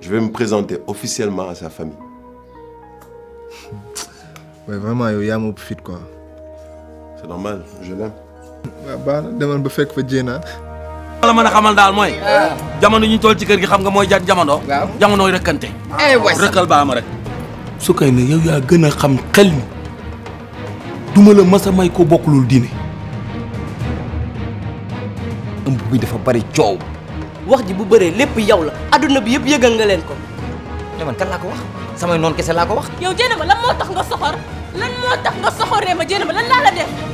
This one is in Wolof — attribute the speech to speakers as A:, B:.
A: je vais me présenter officiellement à sa famille. Ouais, vraiment, il y a mon profit quoi. C'est normal, je l'aime. Bah, bah, demain, je vais faire que la
B: mën a xamal daal mooy ah. jamono ñu toll ci kër gi xam nga mooy jaat jamono jamonooy rëkkante eh, rëkkal baa ma rek
C: su kay ne yow yaa gën a xam xel mi duma la mas a may ko bokkulul diine ëmb bi dafa bari coow
B: wax ji bu beure lepp yaw la aduna bi yeb yëgal nga len ko. mais man kan la ko wax samay non kessela ko wax.
D: yow jeenama lan moo tax nga soxor lan moo tax nga soxoree ma jeenama lan la la def.